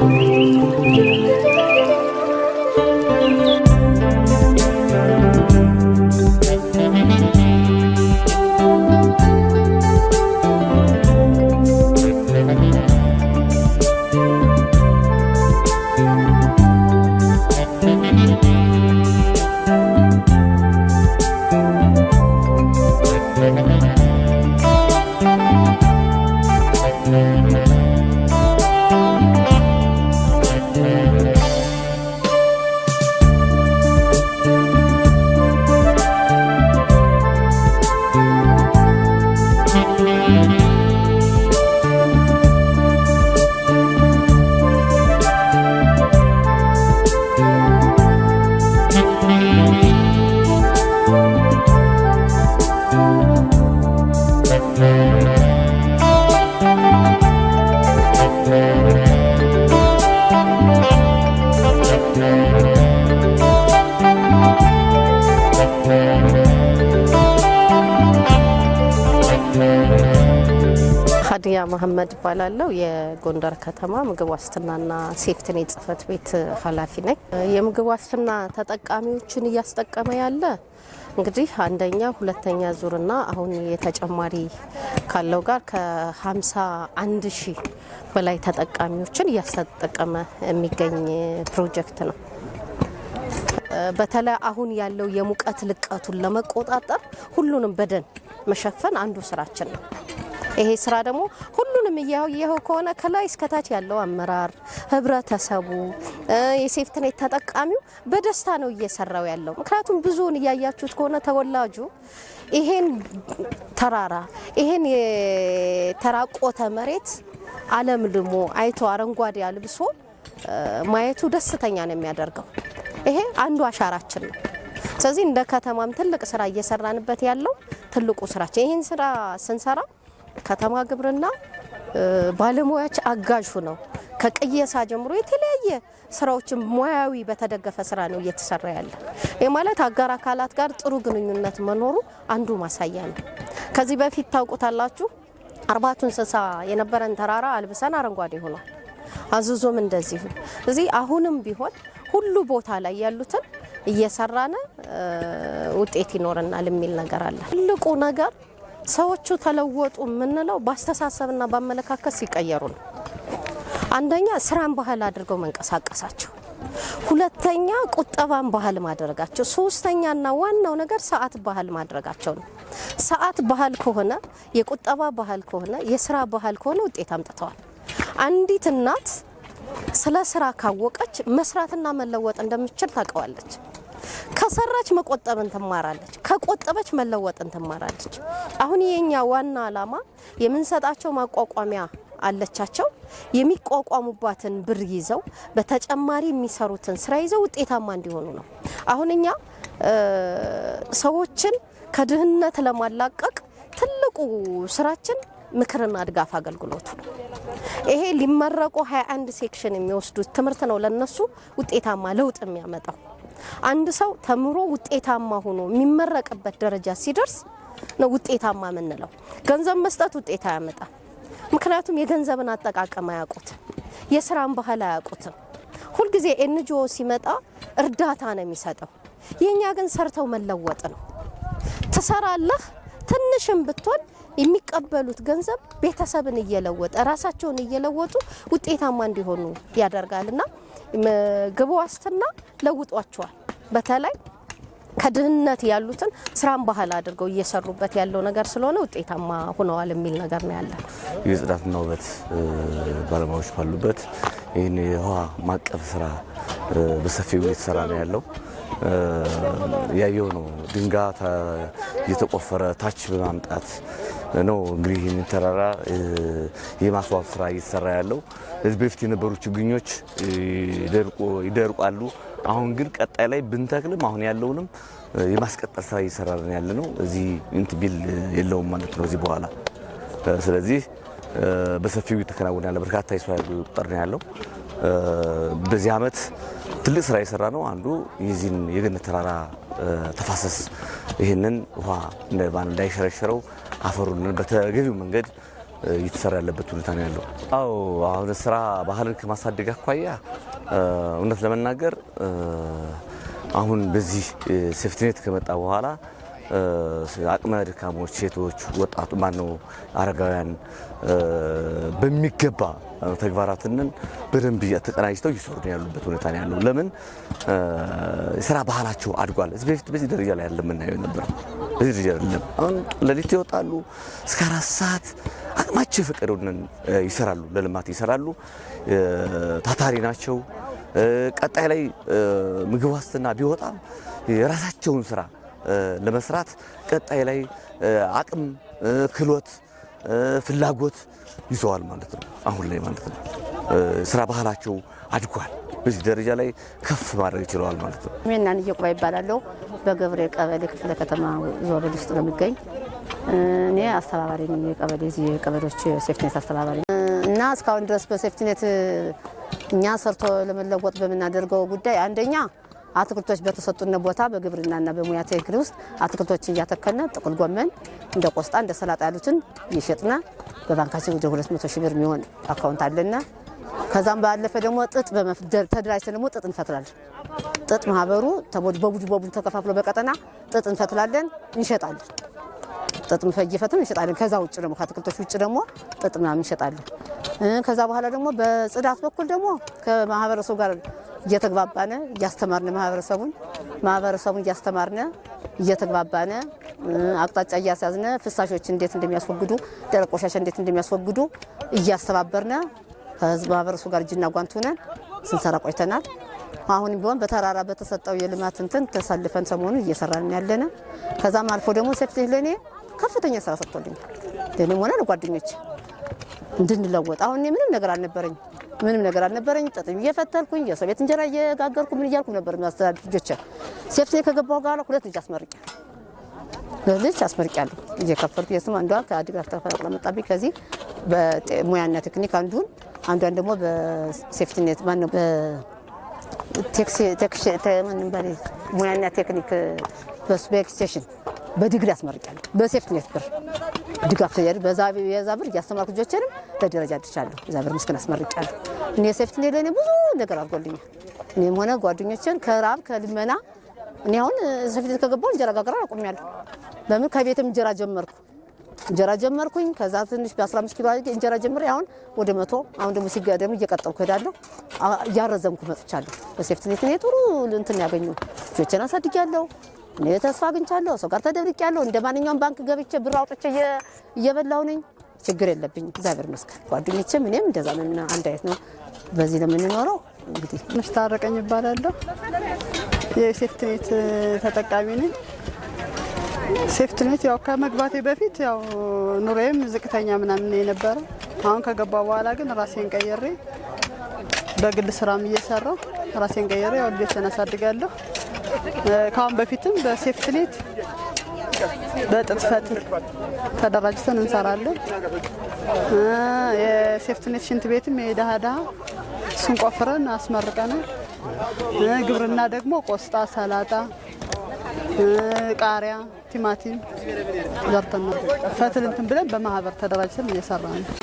Thank you. ዚያ መሀመድ እባላለሁ። የጎንደር ከተማ ምግብ ዋስትናና ሴፍትኔት ጽህፈት ቤት ኃላፊ ነኝ። የምግብ ዋስትና ተጠቃሚዎችን እያስጠቀመ ያለ እንግዲህ አንደኛ ሁለተኛ ዙርና አሁን የተጨማሪ ካለው ጋር ከ51 ሺህ በላይ ተጠቃሚዎችን እያስጠቀመ የሚገኝ ፕሮጀክት ነው። በተለይ አሁን ያለው የሙቀት ልቀቱን ለመቆጣጠር ሁሉንም በደን መሸፈን አንዱ ስራችን ነው። ይሄ ስራ ደግሞ ሁሉንም እያየው ከሆነ ከላይ እስከታች ያለው አመራር፣ ህብረተሰቡ፣ የሴፍትኔት ተጠቃሚው በደስታ ነው እየሰራው ያለው። ምክንያቱም ብዙውን እያያችሁት ከሆነ ተወላጁ ይሄን ተራራ ይሄን የተራቆተ መሬት አለም ልሞ አይቶ አረንጓዴ አልብሶ ማየቱ ደስተኛ ነው የሚያደርገው። ይሄ አንዱ አሻራችን ነው። ስለዚህ እንደ ከተማም ትልቅ ስራ እየሰራንበት ያለው ትልቁ ስራችን ይህን ስራ ስንሰራ ከተማ ግብርና ባለሙያች አጋዥ ነው። ከቅየሳ ጀምሮ የተለያየ ስራዎችን ሙያዊ በተደገፈ ስራ ነው እየተሰራ ያለ። ይህ ማለት አጋር አካላት ጋር ጥሩ ግንኙነት መኖሩ አንዱ ማሳያ ነው። ከዚህ በፊት ታውቁታላችሁ፣ አርባቱ እንስሳ የነበረን ተራራ አልብሰን አረንጓዴ ሆኗል። አዝዞም እንደዚሁ እዚህ አሁንም ቢሆን ሁሉ ቦታ ላይ ያሉትን እየሰራን ውጤት ይኖረናል የሚል ነገር አለ። ትልቁ ነገር ሰዎቹ ተለወጡ የምንለው በአስተሳሰብና በአመለካከት ሲቀየሩ ነው። አንደኛ ስራን ባህል አድርገው መንቀሳቀሳቸው፣ ሁለተኛ ቁጠባን ባህል ማድረጋቸው፣ ሶስተኛና ዋናው ነገር ሰዓት ባህል ማድረጋቸው ነው። ሰዓት ባህል ከሆነ፣ የቁጠባ ባህል ከሆነ፣ የስራ ባህል ከሆነ ውጤት አምጥተዋል። አንዲት እናት ስለ ስራ ካወቀች መስራትና መለወጥ እንደምትችል ታውቀዋለች። ከሰራች መቆጠብን ትማራለች፣ ከቆጠበች መለወጥን ትማራለች። አሁን የኛ ዋና አላማ የምንሰጣቸው ማቋቋሚያ አለቻቸው የሚቋቋሙባትን ብር ይዘው በተጨማሪ የሚሰሩትን ስራ ይዘው ውጤታማ እንዲሆኑ ነው። አሁን እኛ ሰዎችን ከድህነት ለማላቀቅ ትልቁ ስራችን ምክርና ድጋፍ አገልግሎቱ ነው። ይሄ ሊመረቁ 21 ሴክሽን የሚወስዱት ትምህርት ነው ለነሱ ውጤታማ ለውጥ የሚያመጣው አንድ ሰው ተምሮ ውጤታማ ሆኖ የሚመረቅበት ደረጃ ሲደርስ ነው ውጤታማ የምንለው። ገንዘብ መስጠት ውጤት አያመጣም። ምክንያቱም የገንዘብን አጠቃቀም አያውቁት፣ የስራን ባህል አያውቁትም። ሁልጊዜ ኤንጂኦ ሲመጣ እርዳታ ነው የሚሰጠው። የእኛ ግን ሰርተው መለወጥ ነው። ትሰራለህ ትንሽም ብትሆን የሚቀበሉት ገንዘብ ቤተሰብን እየለወጠ ራሳቸውን እየለወጡ ውጤታማ እንዲሆኑ ያደርጋልና ምግብ ዋስትና ለውጧቸዋል። በተለይ ከድህነት ያሉትን ስራን ባህል አድርገው እየሰሩበት ያለው ነገር ስለሆነ ውጤታማ ሆነዋል የሚል ነገር ነው ያለ። የጽዳትና ውበት ባለሙያዎች ባሉበት ይህን የውሃ ማቀፍ ስራ በሰፊው እየተሰራ ነው ያለው። ያየው ነው ድንጋ የተቆፈረ ታች በማምጣት ነው እንግዲህ ይህንን ተራራ የማስዋብ ስራ እየተሰራ ያለው። ከዚህ በፊት የነበሩ ችግኞች ይደርቋሉ። አሁን ግን ቀጣይ ላይ ብንተክልም አሁን ያለውንም የማስቀጠል ስራ እየሰራ ያለ ነው። እዚህ እንትን ቢል የለውም ማለት ነው እዚህ በኋላ ስለዚህ በሰፊው የተከናወነ ያለ በርካታ የሰው ኃይል ቁጥር ነው ያለው። በዚህ ዓመት ትልቅ ስራ የሰራ ነው አንዱ የዚህን የገነት ተራራ ተፋሰስ ይህንን ውሃ እንዳይሸረሸረው አፈሩን በተገቢው መንገድ እየተሰራ ያለበት ሁኔታ ነው ያለው። አዎ አሁን ስራ ባህልን ከማሳደግ አኳያ እውነት ለመናገር አሁን በዚህ ሴፍትኔት ከመጣ በኋላ አቅመ ድካሞች፣ ሴቶች፣ ወጣቱ ማነው አረጋውያን በሚገባ ተግባራትን በደንብ ተቀናጅተው እየሰሩ ያሉበት ሁኔታ ነው ያለው። ለምን የስራ ባህላቸው አድጓል። እዚህ በፊት በዚህ ደረጃ ላይ ያለ የምናየው ነበር። በዚህ ደረጃ አይደለም። አሁን ሌሊት ይወጣሉ እስከ አራት ሰዓት አቅማቸው የፈቀደውን ይሰራሉ፣ ለልማት ይሰራሉ። ታታሪ ናቸው። ቀጣይ ላይ ምግብ ዋስትና ቢወጣም የራሳቸውን ስራ ለመስራት ቀጣይ ላይ አቅም ክህሎት ፍላጎት ይዘዋል ማለት ነው። አሁን ላይ ማለት ነው ስራ ባህላቸው አድጓል። በዚህ ደረጃ ላይ ከፍ ማድረግ ይችለዋል ማለት ነው። ሜና እየቁባ ይባላለሁ። በገብሬ ቀበሌ ክፍለ ከተማ ዞብል ውስጥ ነው የሚገኝ። እኔ አስተባባሪ ነኝ። የቀበሌ እዚህ የቀበሌዎች ሴፍቲኔት አስተባባሪ እና እስካሁን ድረስ በሴፍቲኔት እኛ ሰርቶ ለመለወጥ በምናደርገው ጉዳይ አንደኛ አትክልቶች በተሰጡን ቦታ በግብርናና በሙያ ቴክኒክ ውስጥ አትክልቶችን እያተከልና ጥቅል ጎመን እንደ ቆስጣ እንደ ሰላጣ ያሉትን እየሸጥና በባንካችን ወደ 200 ሺህ ብር የሚሆን አካውንት አለና ከዛም ባለፈ ደግሞ ጥጥ ተደራጅተን ደግሞ ጥጥ እንፈትላለን። ጥጥ ማህበሩ በቡድ በቡድ ተከፋፍሎ በቀጠና ጥጥ እንፈትላለን፣ እንሸጣለን። ጥጥ እየፈትን እንሸጣለን። ከዛ ውጭ ደግሞ ከአትክልቶች ውጭ ደግሞ ጥጥ ምናምን እንሸጣለን። ከዛ በኋላ ደግሞ በጽዳት በኩል ደግሞ ከማህበረሰቡ ጋር እየተግባባነ እያስተማርነ ማህበረሰቡን ማህበረሰቡን እያስተማርነ እየተግባባነ አቅጣጫ እያስያዝነ ፍሳሾች እንዴት እንደሚያስወግዱ ደረቅ ቆሻሻ እንዴት እንደሚያስወግዱ እያስተባበርነ ከህዝብ ማህበረሰቡ ጋር እጅና ጓንት ሆነን ስንሰራ ቆይተናል። አሁንም ቢሆን በተራራ በተሰጠው የልማት እንትን ተሰልፈን ሰሞኑን እየሰራን ያለነ ከዛም አልፎ ደግሞ ሴፍቲ ለእኔ ከፍተኛ ስራ ሰጥቶልኝ ለኔም ሆነ ለጓደኞች እንድንለወጥ አሁን ምንም ነገር አልነበረኝም። ምንም ነገር አልነበረኝ። ጥጥም እየፈተልኩኝ የሰው ቤት እንጀራ እየጋገርኩ ምን እያልኩ ነበር የሚያስተዳድር ልጆች። ሴፍቲ ከገባሁ በኋላ ሁለት ልጅ አስመርቂያለሁ፣ ሁለት ልጅ አስመርቂያለሁ እየከፈልኩ የስም አንዷን ከአዲግራት ተፈናቅላ መጣብኝ። ከዚህ በሙያና ቴክኒክ አንዱን አንዷን ደግሞ በሴፍቲኔት ማነው ሙያና ቴክኒክ በስፔክ ስቴሽን በዲግሪ አስመርቂያለሁ በሴፍቲኔት ብር ድጋፍ ተያዙ። በዛ የዛ ብር እያስተማርኩ ልጆችንም ለደረጃ አድርቻለሁ። እዛ ብር ምስክን አስመርጫለሁ። እኔ ሴፍቲ ኔ ለእኔ ብዙ ነገር አድርጎልኛል። እኔም ሆነ ጓደኞችን ከራብ ከልመና እኔ አሁን ሰፊት ከገባው እንጀራ ጋገራ አቁሜያለሁ። በምን ከቤትም እንጀራ ጀመርኩ እንጀራ ጀመርኩኝ። ከዛ ትንሽ በ15 ኪሎ እንጀራ ጀምሬ አሁን ወደ መቶ አሁን ደግሞ ሲጋ ደግሞ እየቀጠልኩ እሄዳለሁ። እያረዘምኩ መጥቻለሁ። በሴፍቲ ኔት እኔ ጥሩ እንትን ያገኙ ልጆችን አሳድጊያለሁ። ተስፋ አግኝቻለሁ። ሰው ጋር ተደብቅ ያለሁ እንደ ማንኛውም ባንክ ገብቼ ብር አውጥቼ እየበላሁ ነኝ። ችግር የለብኝም። እግዚአብሔር ይመስገን። ጓደኞቼም እኔም እንደዛ አንድ አይነት ነው። በዚህ ነው የምንኖረው። እንግዲህ ምሽታረቀኝ ይባላለሁ። የሴፍትኔት ተጠቃሚ ነኝ። ሴፍትኔት ያው ከመግባቴ በፊት ያው ኑሮዬም ዝቅተኛ ምናምን የነበረ አሁን ከገባ በኋላ ግን ራሴን ቀየሬ በግል ስራም እየሰራው ራሴን ቀየሬ ያው ልጆችን አሳድጋለሁ። ከአሁን በፊትም በሴፍትኔት በጥጥፈት ተደራጅተን እንሰራለን። የሴፍትኔት ሽንት ቤትም የዳህዳ ስንቆፍረን ቆፍረን አስመርቀናል። ግብርና ደግሞ ቆስጣ፣ ሰላጣ፣ ቃሪያ፣ ቲማቲም ዘርተናል። ፈትል እንትን ብለን በማህበር ተደራጅተን እየሰራ ነው።